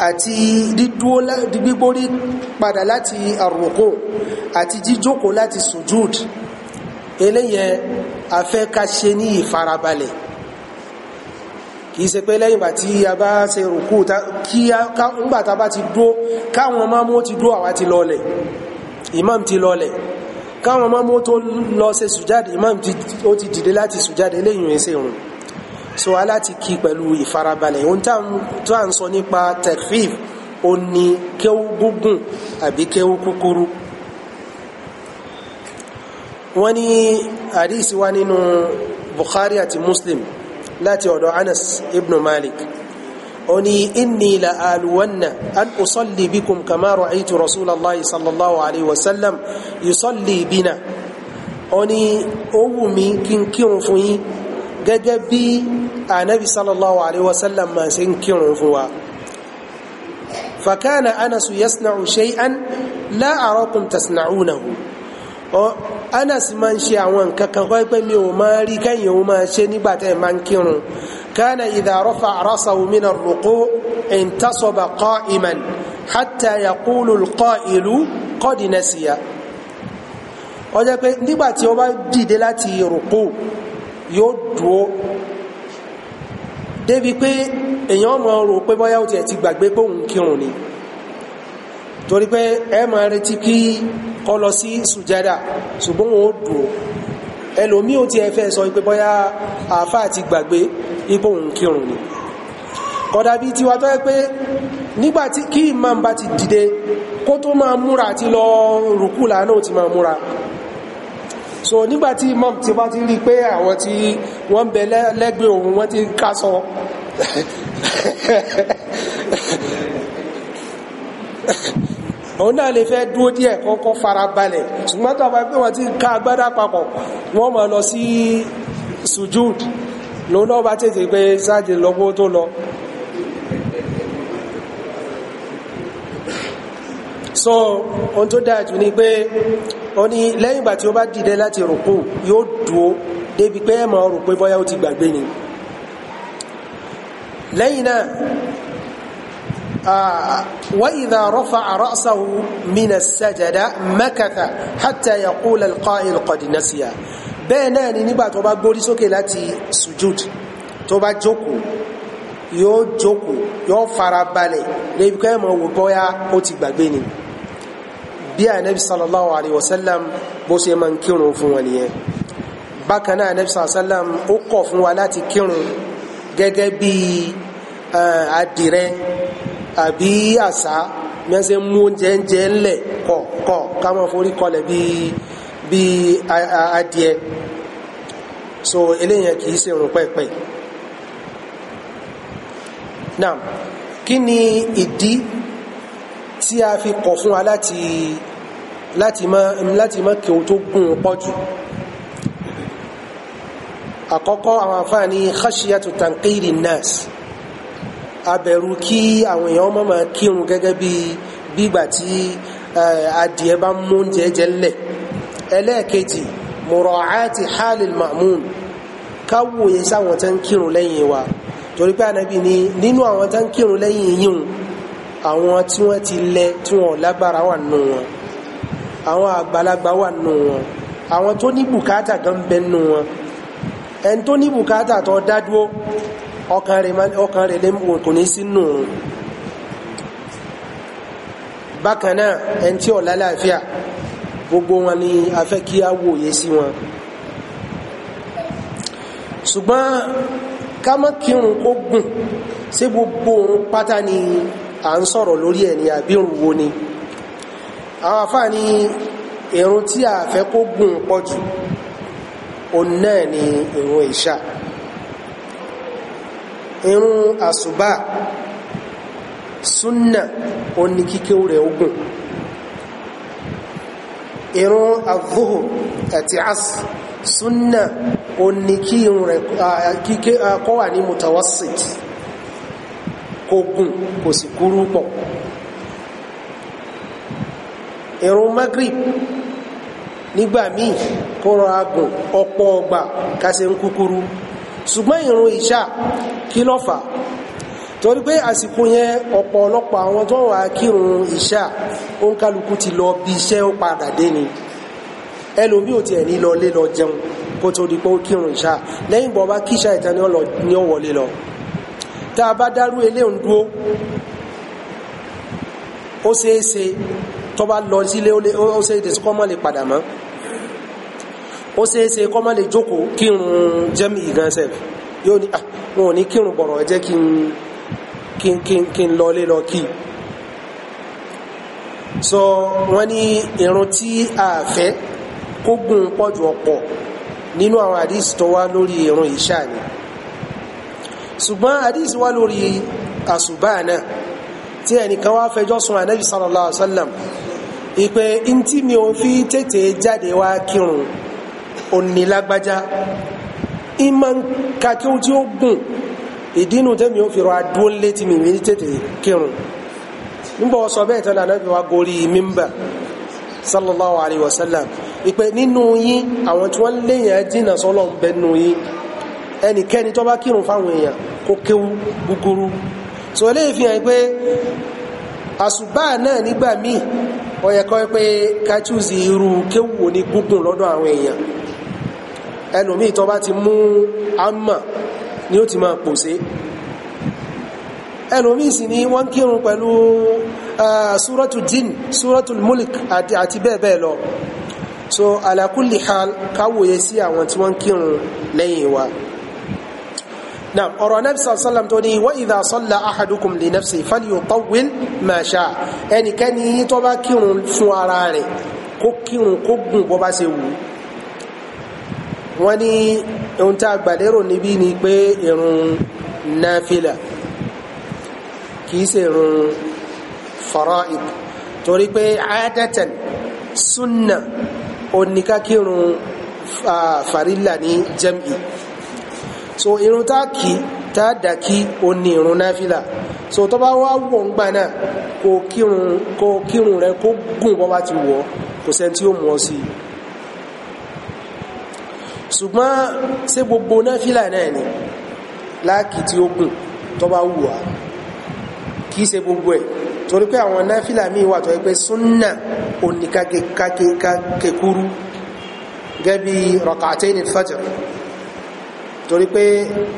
àti dídúó gbígbórí padà láti àrùkò àti jíjókòó láti sujúd eléyẹn afẹ́ ká ṣe ní ìfarabalẹ̀ kìí ṣe pé lẹ́yìn bàtí a bá ṣe rùkú kí a ńgbàtà bá ti dúó káwọn máa mú ti dúó àwa ti lọlẹ̀ imam ti lọlẹ̀ káwọn máa mú tó lọ ṣe sùjáde imam ti dìde láti sùjáde lẹ́yìn ẹ̀ṣẹ̀ rùn so aláti kí pẹ̀lú ìfarabalẹ̀ ohun tó à ń sọ nípa tẹ̀fíf ó ní kéwú gúngùn àbí kéwú kúkúrú wọ́n ní àdísí wá nínú Bukhari àti Muslim láti ọ̀dọ̀ Anas ibn Malik ó ní inni la aluwanna an usalli bikum kama ra'aytu rasulallah sallallahu alaihi wasallam yusalli bina ó ní ó wù kí n kírun fún yín gẹ́gẹ́ bí anabi sallallahu alayhi wa sallam máa ṣe ń kírun fún wa fakana anasu yasna'u shay'an la arakum tasna'unahu anas máa ń ṣe àwọn nǹkan kan kọ́ mi ò máa rí kẹ́yìn òun máa ṣe nígbà tẹ́ ẹ̀ máa ń kírun كان إذا رفع رأسه من الركوع انتصب قائما حتى يقول القائل قد نسي ó jẹ́ pé nígbà tí bá dìde láti rùkú yóò dúó débi pé èèyàn máa rò pé bóyá ó tiẹ̀ ti gbàgbé pé òun kírun ni torí pé ẹ máa retí kí kọ́ lọ sí sùjádà ṣùgbọ́n òun ó dúó ẹlòmí ò tiẹ̀ fẹ́ sọ pé bóyá àáfàá ti gbàgbé ipò òun ni kódà bí tiwa tó yẹ pé nígbàtí kí imam bá ti dìde kó tó máa múra àti lọ rùkú lànà ò ti máa múra so nígbàtí imam ti bá ti rí pé àwọn tí wọ́n bẹ lẹ́gbẹ̀ẹ́ òun wọ́n ti kásọ òun náà lè fẹ́ dúró díẹ̀ kọ́kọ́ fara balẹ̀ ṣùgbọ́n tó bá pé wọ́n ti ká agbádá papọ̀ wọ́n máa lọ sí sujud lòun náà bá tètè pé sáàjì lọ́gbó tó lọ so ohun tó dáa jù ni pé ó ní lẹ́yìn ìgbà tí ó bá dìde láti rùkú yóò dúó débi pé ẹ máa rò pé bóyá ó ti gbàgbé ni lẹ́yìn náà wa idha rafa'a ra'sahu mina sajada makatha hatta yaqula al-qa'il qad bí anabi sallallahu alayhi wa sallam bó ṣe máa ń kírun fún wọn nìyẹn bákan náà anabi sallallahu alayhi wa sallam ó kọ̀ fún wa láti kírun gẹ́gẹ́ bí adìrẹ àbí àṣá mẹsẹ mú oúnjẹ oúnjẹ ńlẹ̀ kọ̀ọ̀kọ̀ ká máa forí kọlẹ̀ bí bí adìẹ so eléyàn kì í ṣe irun pẹ́ẹ́pẹ́ẹ́ náà kí ni ìdí tí a fi kọ̀ fún wa láti láti má láti má kí o tó gùn pọ̀ jù àkọ́kọ́ àwọn àǹfààní khashiyatu tankiri nas abẹ̀rù kí àwọn èèyàn má máa kírun gẹ́gẹ́ bí gbígbà tí eh, adìẹ bá mú oúnjẹ jẹ lẹ̀ ẹlẹ́ẹ̀kejì mura'ati halil ma'mun káwòye sáwọn tán kírun lẹ́yìn wa torí pé ànábì ni nínú àwọn tán kírun lẹ́yìn yíhun àwọn tí wọ́n ti lẹ tí wọ́n lágbára wà nù wọn àwọn àgbàlagbà wà nù wọn àwọn tó ní bùkátà gan bẹ nù wọn ẹni tó ní bùkátà tó dádúró ọkàn rẹ̀ lẹ́mọ̀ kò ní sínú òun bákan náà ẹni tí ó lálàáfíà gbogbo wọn ni a fẹ́ kí a wòye sí wọn ṣùgbọ́n ká má kírun kó gùn sí gbogbo òun pátá ni à ń sọ̀rọ̀ lórí ẹ̀ ní àbírùn wo ni àwọn àfáà ní ìrun tí a fẹ́ kó gùn pọ̀ jù òun náà ni ìrun ìṣà ìrun àsùbà súnà òun kíké rẹ̀ ogun ìrun àvóhò àti àsì súnà òun kí ìrun rẹ̀ kọ́ wà ní mutawasit kó gùn kò sì kúrú pọ̀ ìrun magrib nígbà míì kó rọra gùn ọ̀pọ̀ ọgbà kásẹ̀ ń kúkúrú ṣùgbọ́n ìrun ìṣà kí ló fà torí pé àsìkò yẹn ọ̀pọ̀ ọlọ́pọ̀ àwọn tó wà kírun ìṣà ó ti lọ bí iṣẹ́ ó padà dé ni ẹlòmí ò tiẹ̀ ní lọ lé lọ jẹun kó tó di pé ó kírun ìṣà lẹ́yìn bọ̀ bá kíṣà ìta ni ó wọlé lọ tá a bá dárú eléhùn dúró ó ṣeéṣe tó bá lọ sílé ó ṣeéṣe kó má lè padà mọ́ ó ṣeéṣe kó má lè jókòó kírun jẹ́mi ìgánsẹ̀ yóò ní wọn ò ní kírun bọ̀rọ̀ ẹ jẹ́ kí n kí n kí n kí n lọ lọ kí so wọ́n ní irun tí a fẹ́ kó gùn pọ̀jù ọ̀pọ̀ nínú àwọn àdìsí tó wá lórí irun ìṣáà ni. So, ṣùgbọ́n àdísì wá lórí àṣùbá náà tí ẹnìkan wá fẹjọ́ sun ànábì sallallahu alaihi wasallam ìpè ntí mi ò fi tètè jáde wá kírun onílágbájá ìmọ̀ kàkí ó tí ó gùn ìdínú tẹ́mi ó fi rọ adúó létí mi ní tètè kírun nígbà ọsọ bẹ́ẹ̀ tọ́lá ànábì wá gorí mímbà sallallahu alaihi wasallam nínú yín àwọn tí wọ́n léyìn ẹ́ sọ́lọ́ ẹnikẹ́ni tó bá kírun fáwọn èèyàn kó kéwú gúgúrú so eléyìí fi hàn pé àṣùbà náà nígbà míì ó yẹ kó pé kájúzi irú kéwú wò ní gúngùn lọ́dọ̀ àwọn èèyàn ẹlòmíì tó bá ti mú àmà ni ó ti máa pòṣe ẹlòmíì sì ni wọ́n kírun pẹ̀lú súrọ́tù jinn súrọ́tù múlik àti bẹ́ẹ̀ bẹ́ẹ̀ lọ so ala hal káwòye sí àwọn tí wọ́n kírun lẹ́yìn wa náà ọ̀rọ̀ anábì sàlám tó ní wa idha salla ahadukum li nafsi falyutawwil ma sha ẹnikẹ́ni tó bá kírun fún ara rẹ̀ kó kírun kó gùn bó bá ṣe wù wọ́n ní ohun tá a gbàlérò níbí ni pé irun náfìlà kìí ṣe irun fara'id torí pé adatan sunna oníkakírun ah, farilla ní jam'i so irun tá kí tá dàkí ó ní irun náfìlà so tó bá wá wọ̀ ń gbà náà kó kírun kó kírun rẹ kó gùn bọ́ bá ti wọ̀ kò sẹ́ni tí ó mú ọ sí i ṣùgbọ́n ṣé gbogbo náfìlà náà ni láàkì tí ó gùn tó bá wù wá kì í ṣe gbogbo ẹ̀ torí pé àwọn náfìlà míì wà tó yẹ pé súnnà gẹ́bí rak'atayn al-fajr torí pé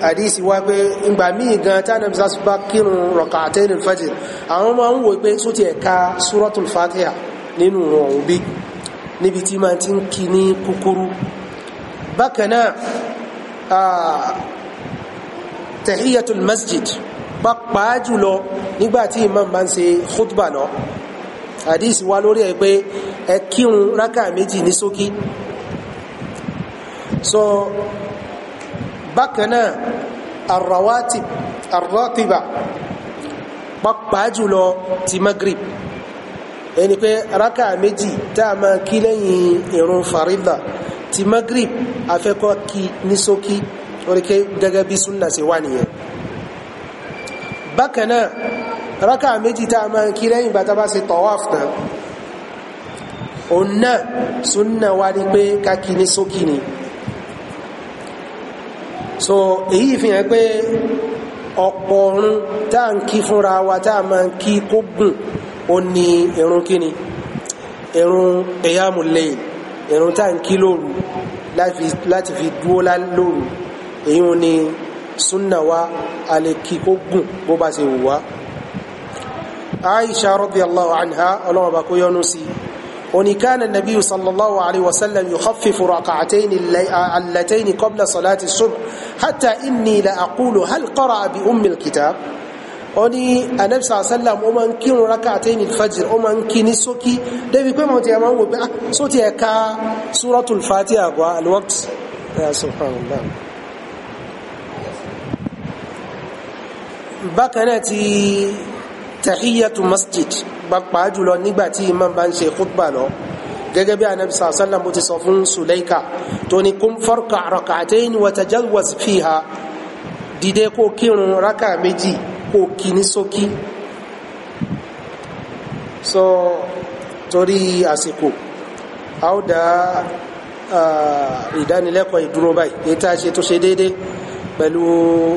àdísì wá pé ìgbà míì gan tánà bí sásùpá kírun rak'atayn al-fajr àwọn máa ń wò pé só ti ẹ̀ka suratul fatiha nínú ọ̀hún bí níbi tí máa ti ń kí ní kúkúrú bákan náà masjid pàápàá jùlọ nígbàtí imam bá ń ṣe khutba lọ àdísì wá lórí ẹ̀ pé ẹ kírun rákà méjì ní ṣókí so bákan náà arrawatib arratiba pàápàá jùlọ ti magrib ẹni pé rákà méjì tá a máa kí lẹ́yìn ìrun farida ti magrib afẹ́kọ́ kí ní ṣókí oríkẹ́ gẹ́gẹ́ bí súnà sí wà nìyẹn bákan náà rákà méjì tá a kí lẹ́yìn bàtà bá ṣe tawaf náà òun náà súnà wà ní pé ká kí ní ṣókí ni so èyí fi hàn pé ọ̀pọ̀ ọ̀run tá à ń kí fúnra wa tá a máa ń kí kó gùn ó ní irun kíni irun ẹ̀yàmù lẹ́yìn irun tá à ń kí lóru láti fi dúó lóru èyí ò ní súnà wa a lè kí kó gùn bó bá ṣe wù wá. Aisha radiyallahu anha ọlọ́wọ́ bá kó yọnu sí i oni kana an-nabiy sallallahu alayhi wa sallam yukhaffifu rak'atayn allatayn qabla salati as-subh hatta inni la aqulu hal qara'a bi ummi al-kitab oni anabi sallam ó máa ń kírun rak'atayn al-fajr ó máa ń kí ní ṣókí débi so ti ẹ ah, ka suratul fatiha wa al ya subhanallah bákan náà masjid pàápàá jùlọ nígbà tí imam bá ń ṣe khutba lọ gẹ́gẹ́ bí anabi sàlám bó ti sọ fún sùlẹ́kà tó ní kún farka rak'atayn wa tajawwaz fiha dìde kó kírun rákà méjì kó kí ní sókí so torí àsìkò a ó dá ìdánilẹ́kọ̀ọ́ ìdúró báyìí èyí tá ṣe déédéé pẹ̀lú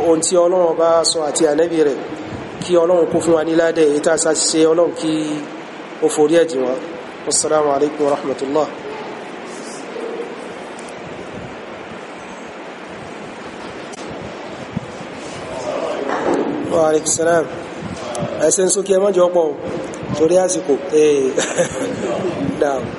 ohun tí ọlọ́run bá sọ àti ànábì rẹ̀ kí ọlọ́run kó fún wa ní ládẹ́ èyí tá a sá ṣe ọlọ́run kí ó forí ẹ̀jì wọn wasalaamu alaykum wa rahmatullah. wa alaykum salaam ẹsẹ̀ ń sókè ẹ pọ̀ torí àsìkò. Eh,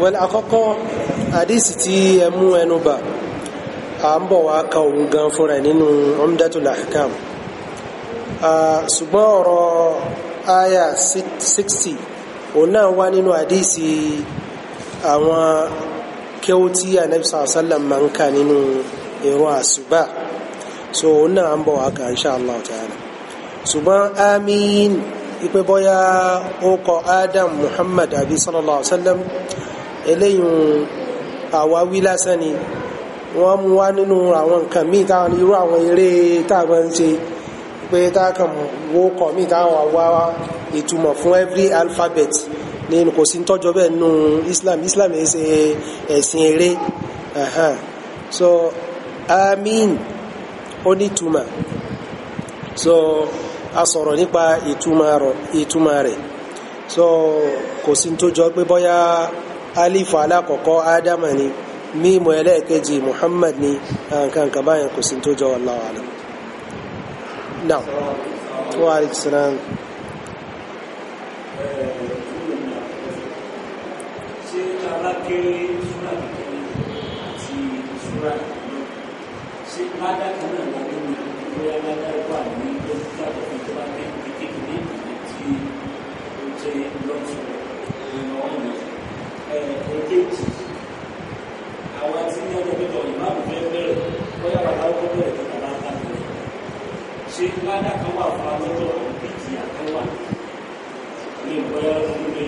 wọ́n àkọ́kọ́ àdísì tí ẹmú ẹnu bà à ń bọ̀ wá ka gan fúnra nínú Umdatul Ahkam Ah, ṣùgbọ́n ọ̀rọ̀ aya 60 òun náà wá nínú àdísì àwọn kéwú tí anabi sallam máa ń kà nínú ìrun àṣùbà so òun náà ń bọ̀ wá kà insha Allah ṣùgbọ́n amin ipe bọ́yá ó kọ adam muhammad àbí sallallahu alaihi wasallam eléyìn àwáwí lásán ni wọ́n mú wá nínú àwọn nǹkan míì táwọn irú àwọn eré táwọn ń ṣe pé táàkàn wo kọ̀ mí táwọn wá ìtumọ̀ fún every alphabet ní kò sí tọ́jọ́ bẹ́ẹ̀ nínú Islam Islam ẹ̀ ṣe ẹ̀sìn eré so àmín ó ní ìtumọ̀ so a sọ̀rọ̀ nípa ìtumọ̀ rẹ̀ so kò sí tó jọ pé bọ́yá alifu alákọ̀ọ́kọ́ ádámà ni mímu ẹlẹ́ẹ̀kejì Muhammad ni nǹkan kan báyẹn kò sí tó jọ wallahu نعم وعليك السلام àwọn tí ní ọjọ́ pípọ̀ ìmáàmù fẹ́ bẹ̀rẹ̀ bóyá bàbá ó bẹ̀rẹ̀ tó ṣé ládà kan wà fún alọ́jọ́ ìdíjì àkọ́wà ní ìbọyá nílé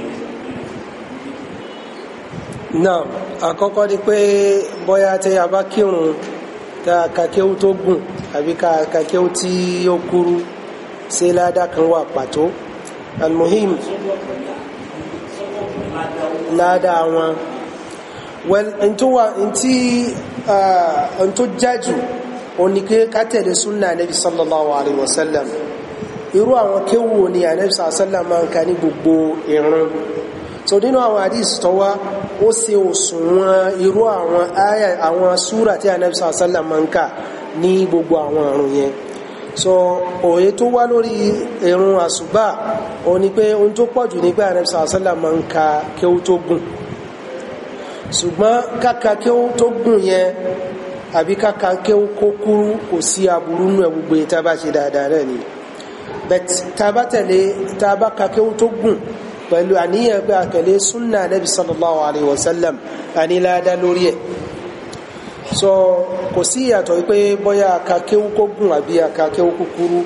náà àkọ́kọ́ ni pé bóyá tí a bá kírun tá a ka kéwú tó gùn àbí ká a ka kéwú tí ó kúrú ṣé ládà kan wà pàtó almuhim ládà wọn well ntó wà ntí ntó jájú. Uh, òní pé ká tẹ̀lé sallallahu alaihi wasallam sallam irú àwọn kéwù ni ànábì sallallahu alayhi wa sallam máa ń ka ní gbogbo ìrun so nínú àwọn àdìs tó wá ó ṣe òṣùwọ̀n irú àwọn àyà àwọn súrà tí ànábì sallallahu alayhi wa sallam máa ń kà ní gbogbo àwọn ìrun so òye tó wá lórí ìrun àsùbà òní pé sallam máa ń ka kéwù tó gùn yẹn àbí káka kéwú kó kúrú kò sí aburú nù ẹ gbogbo yìí tá a bá ṣe dáadáa náà ni bẹ́t tẹ̀lé tá a bá tó gùn pẹ̀lú àníyàn pé àkẹlé súnà nabi sallallahu alayhi wa sallam àníláàdá lórí ẹ̀ so kò sí ìyàtọ̀ wípé bóyá aka kéwú kó gùn àbí aka kéwú kúkúrú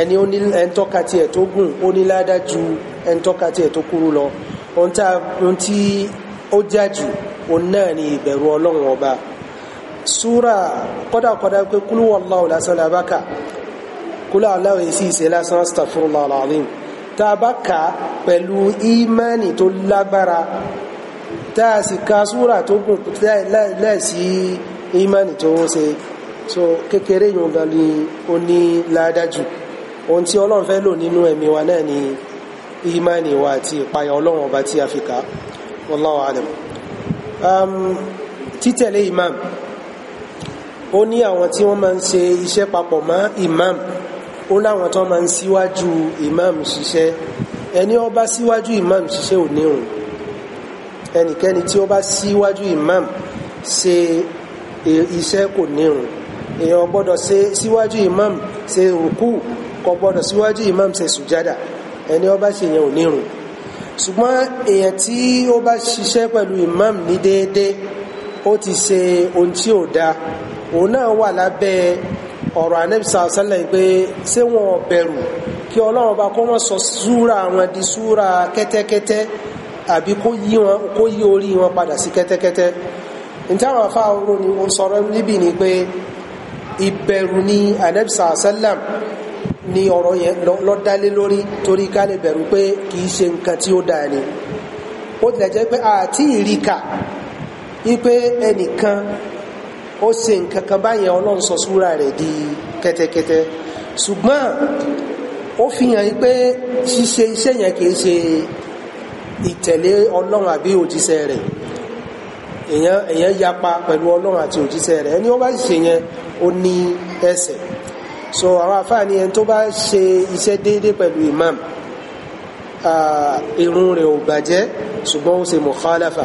ẹni ẹntọ́ka tiẹ̀ tó gùn ó ní ju ẹntọ́ka tiẹ̀ tó kúrú lọ ohun tí ó jájú òun náà ni ìbẹ̀rù ọlọ́run ọba súra kọ́dàkọ́dà pé kúlù wallahu lásán làbákà kúlù Allahu èsì ìṣe lásán astaghfirullah alazim tá a bá kà á pẹ̀lú ìmánì tó lágbára tá a sì ka súra tó gùn láìsí ìmánì tó ṣe so kékeré yìí gan ni ó ní ládájú ohun tí ọlọ́run lò nínú ẹ̀mí wa náà ni ìmánì wa àti ìpayà ọlọ́run ọba tí a fi kà á wallahu um, títẹ̀lé imam ó ní àwọn tí wọ́n máa ń ṣe iṣẹ́ papọ̀ mọ́ imam ó láwọn tó máa ń síwájú imam ṣiṣẹ́ ẹni ó bá síwájú imam ṣiṣẹ́ ò nírun ẹnikẹ́ni tí ó bá síwájú imam ṣe iṣẹ́ kò nírun èèyàn gbọ́dọ̀ ṣe síwájú imam ṣe rùkú kò gbọ́dọ̀ síwájú imam ṣe sùjádà ẹni ó bá ṣe yẹn ò nírun ṣùgbọ́n èèyàn tí ó bá ṣiṣẹ́ pẹ̀lú imam ní déédéé ó ti ṣe ohun tí ò dáa òun náà wà lábẹ́ ọ̀rọ̀ anẹ́bísà sálẹ̀ pé ṣé wọn bẹ̀rù kí ọlọ́run bá kó wọ́n sọ súra wọn di súra kẹ́tẹ́kẹ́tẹ́ àbí kó yí wọn kó yí orí wọn padà sí kẹ́tẹ́kẹ́tẹ́ nítawọn afáwọn ni wọ́n sọ̀rọ̀ níbí ni pé ìbẹ̀rù ni anẹ́bísà sálẹ̀ ni ọ̀rọ̀ yẹn ló dálé lórí torí ká lè bẹ̀rù pé kì í ṣe nǹkan tí ó dáa ni ó tilẹ̀ jẹ́ pé àti ìríkà wípé ẹnìkan ó ṣe nǹkan kan báyẹn ọlọ́run sọ súra rẹ̀ di kẹ́tẹ́kẹ́tẹ́ ṣùgbọ́n ó fi hàn pé ṣíṣe iṣẹ́ yẹn kìí ṣe ìtẹ̀lé ọlọ́run àbí òjíṣẹ́ rẹ̀ èèyàn yapa pẹ̀lú ọlọ́run àti òjíṣẹ́ rẹ̀ ẹni ó bá ṣe yẹn ó ní ẹ̀ṣẹ̀ so àwọn afáàní ẹni tó bá ṣe iṣẹ́ déédéé pẹ̀lú imam irun rẹ̀ ò bàjẹ́ ṣùgbọ́n ó ṣe mọ̀kálàfà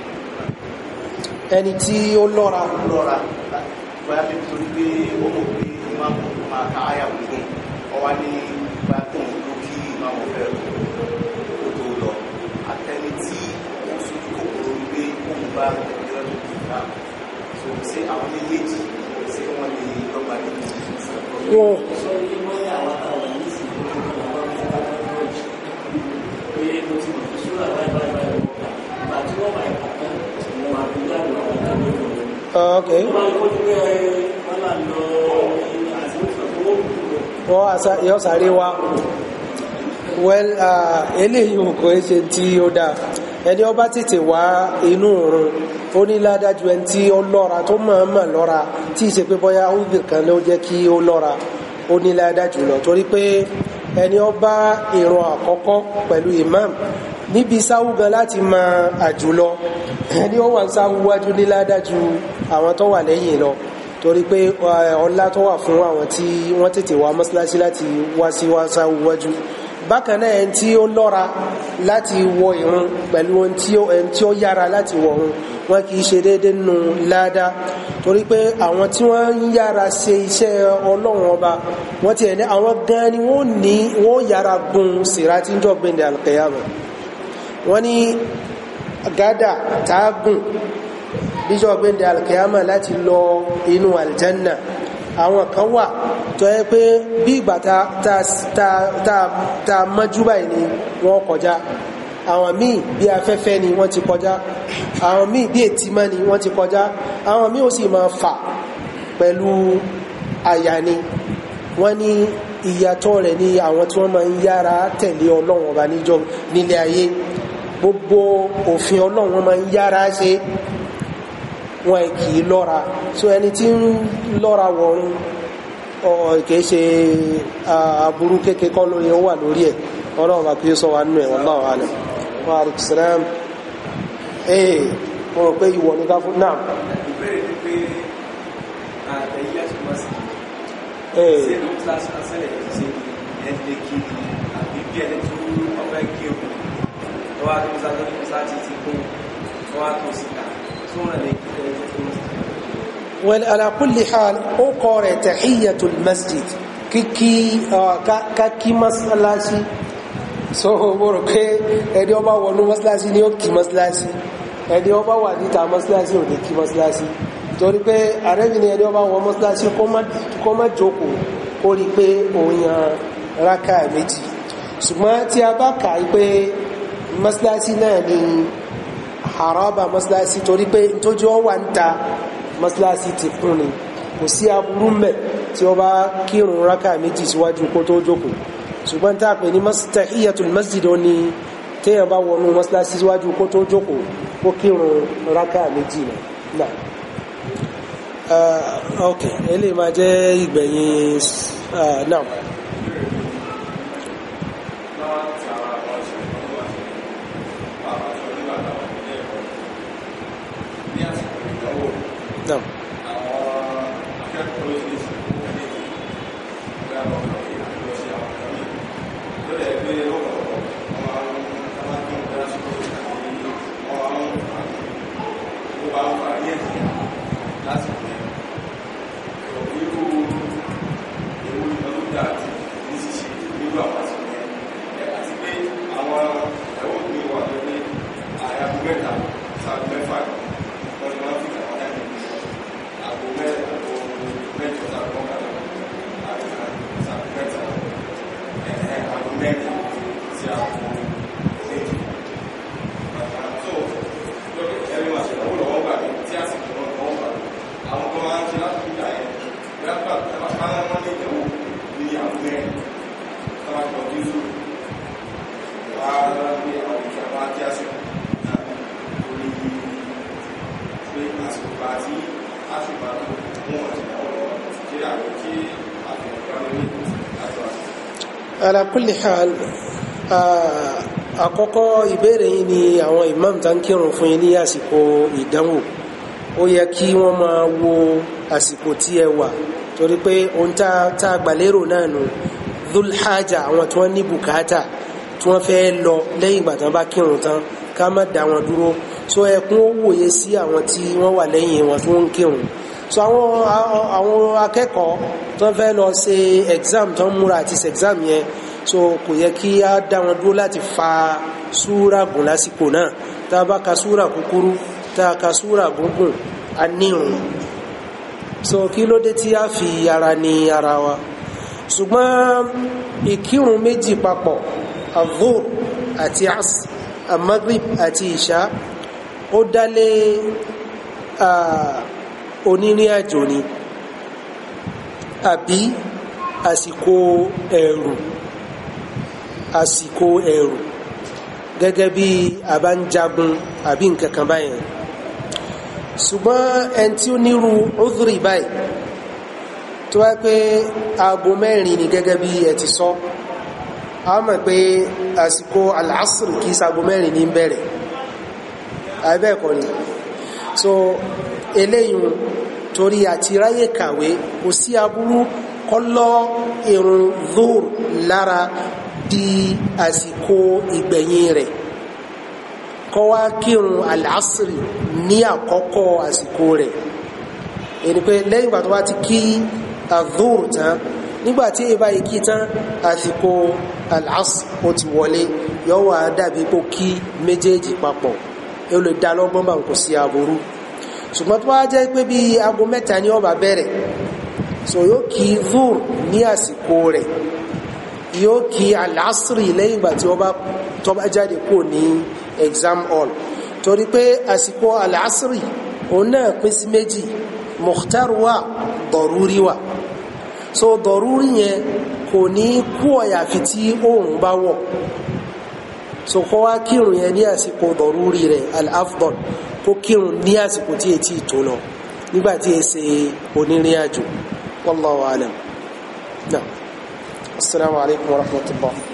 ẹni tí ó lọ́ra lọ́ra bóyá bí torí pé ó mọ̀ pé ìmáàmù máa ká àyà gbogbo ọwá ní bá tóun ló kí ìmáàmù fẹ́ kó tó lọ àtẹni tí ó fi kòkòrò wípé òun bá ìrẹ́ tó kì í so ṣé àwọn méjèèjì ṣé wọ́n lè lọ́gbà ní ìdíje Pé mo ti mọ̀ fún ṣúra báyìí báyìí báyìí, Uh, okay. wọ́n àṣà yọ sáré wa well uh, eléyìí kò ṣe tí ó dáa ẹni ọba tètè wá inú òrun ó ní ládájú ẹni tí ó lọ́ra tó mọ̀ọ́mọ̀ lọ́ra tí ì ṣe pé bóyá ó nìkan ló jẹ́ kí ó lọ́ra ó ní ládájú lọ torí pé ẹni ọba ìran àkọ́kọ́ pẹ̀lú imam níbi sáwú gan láti mọ àjùlọ ẹni ó wà sáwú wájú ní ládájú àwọn tó wà lẹ́yìn lọ torí pé ọlá tó wà fún àwọn tí wọ́n tètè wá mọ́sálásí láti wá sí wá sáwú wájú bákan náà ẹni tí ó lọ́ra láti wọ ìrun pẹ̀lú ẹni tí ó yára láti wọ ìrun wọn kì í ṣe déédéé nù láàdá torí pé àwọn tí wọ́n ń yára ṣe iṣẹ́ ọlọ́run ọba wọ́n ti ẹ̀ ní àwọn gan ni wọ́n ní wọ́n yára gun sìrá tí ń jọ gbẹ̀ndẹ̀ àlùkẹ́yàmọ̀ wọ́n ní gádà tágùn bíjọ́ gbẹ́ndẹ̀ alkiyama láti lọ inú aljanna àwọn kan wà tó yẹ pé bí ìgbà ta mọ́jú báyìí ni wọ́n kọjá àwọn míì bí afẹ́fẹ́ ni wọ́n ti kọjá àwọn míì bí ètímọ́ ni wọ́n ti kọjá àwọn míì ó sì máa fà pẹ̀lú àyà ni wọ́n ní ìyàtọ̀ rẹ̀ ni àwọn tí wọ́n máa ń yára tẹ̀lé ọlọ́run ọba níjọ nílé ayé gbogbo òfin ọlọ́run wọn máa ń yára ṣe wọn kì í lọ́ra so ẹni tí ń lọ́ra wọ̀run kìí ṣe aburú kéke kọ́ lórí ó wà lórí ẹ̀ ọlọ́run bá kí ó sọ wà nínú ẹ̀ wallahu alam wa alaikum salam eh, wọ́n wá tó sáré ní sáàtì ti kún wọ́n wá tó síta tó wọ́n lè kí ẹni tó tó síta. wọ́n ala kulli hal ó kọ́ rẹ̀ tahiyatul masjid kíkí kákí masalasi so mo rò ẹni ọba wọnú masalasi ni ó kí masalasi ẹni ọba wà níta masalasi ò ní kí masalasi torí pé àrẹ́bìnrin ẹni ọba wọ masalasi kó má jókòó ó rí pé òun yan rákà méjì ṣùgbọ́n tí a bá kà í pé mọ́síláṣí náà ni haraba mọ́síláṣí torí pé tójú ọ wà ń ta mọ́síláṣí ti kún ni kò sí aburú mẹ́ tí ó bá kírun rákà méjì síwájú kó tó jókòó ṣùgbọ́n tá a pè ní tahiyatul masjid ó ní téèyàn bá wọnú mọ́síláṣí síwájú kó tó jókòó kó kírun rákà méjì náà. ok eléyìí máa jẹ́ ìgbẹ̀yìn náà. No. ìyàwó ní àfẹ́ tọ́lápọ̀ jésù hal àkọ́kọ́ ìbéèrè yìí ni àwọn imam tá ń kírun fún yín ní àsìkò ìdánwò ó yẹ kí wọ́n máa wo àsìkò tí ẹ torí pé ohun tá tá gbàlérò náà nù dulhaja àwọn tí wọ́n ní bùkátà tí wọ́n fẹ́ lọ lẹ́yìn ìgbà tí wọ́n bá kírun tán ká má dá wọn dúró so ẹkún ó wòye sí àwọn tí wọ́n wà lẹ́yìn wọn tí wọ́n ń kírun so àwọn àwọn akẹ́kọ̀ọ́ tó fẹ́ lọ ṣe exam tó ń múra àti ṣe exam yẹn so kò yẹ kí á dá wọn dúró láti fa súra gùn lásìkò náà tá a bá ka súra kúkúrú tá a ka súra gúngùn a nírun so kí ló dé tí a fi ara ní ara wa ṣùgbọ́n ìkírun méjì papọ̀ avur àti as amagrib àti ìṣá ó dálé onírìn àjò ni àbí àsìkò ẹ̀rù àsìkò ẹ̀rù gẹ́gẹ́ bí a bá ń jagun àbí nǹkan kan báyẹn ṣùgbọ́n ẹni tí ó nírú udhri báyìí tó wá pé aago mẹ́rin ni gẹ́gẹ́ bí ẹ ti sọ a mọ̀ pé àsìkò al-asr kì mẹ́rin ní bẹ̀rẹ̀ àbẹ́ẹ̀kọ́ ni so eléyìí torí àti ráyè kàwé kò sí aburú kọ́lọ́ irun dhuhr lára di àsìkò ìgbẹ̀yìn rẹ̀ kọ́ wá kírun àlásìrì ní àkọ́kọ́ àsìkò rẹ̀ ẹni pé lẹ́yìn ìgbà tó wá ti kí àdúrù tán nígbà tí ìbá yìí kí tán àsìkò àlásì ó ti wọlé yóò wá dàbí kó kí méjèèjì papọ̀ ó lè dá lọ́gbọ́n bá kò sí aburú ṣùgbọ́n tó wá jẹ́ pé bí aago mẹ́ta ni ó bá bẹ̀rẹ̀ so yóò kí dhur ní àsìkò rẹ̀ yóò kí àlásìrì lẹ́yìn ìgbà tí ó jáde kúrò ní exam hall torí pé àsìkò aláàsìrì òun náà pín sí méjì mukhtar wa dọ̀rúrí wa so dọ̀rúrí yẹn kò ní kú ọ̀yàfi tí oòrùn bá wọ̀ so kọ́ wá kírun yẹn ní àsìkò dọ̀rúrí rẹ̀ al-afdal kó kírun ní àsìkò tí etí tó lọ nígbà tí e ṣe onírìn àjò wallahu náà assalamu wa rahmatullah.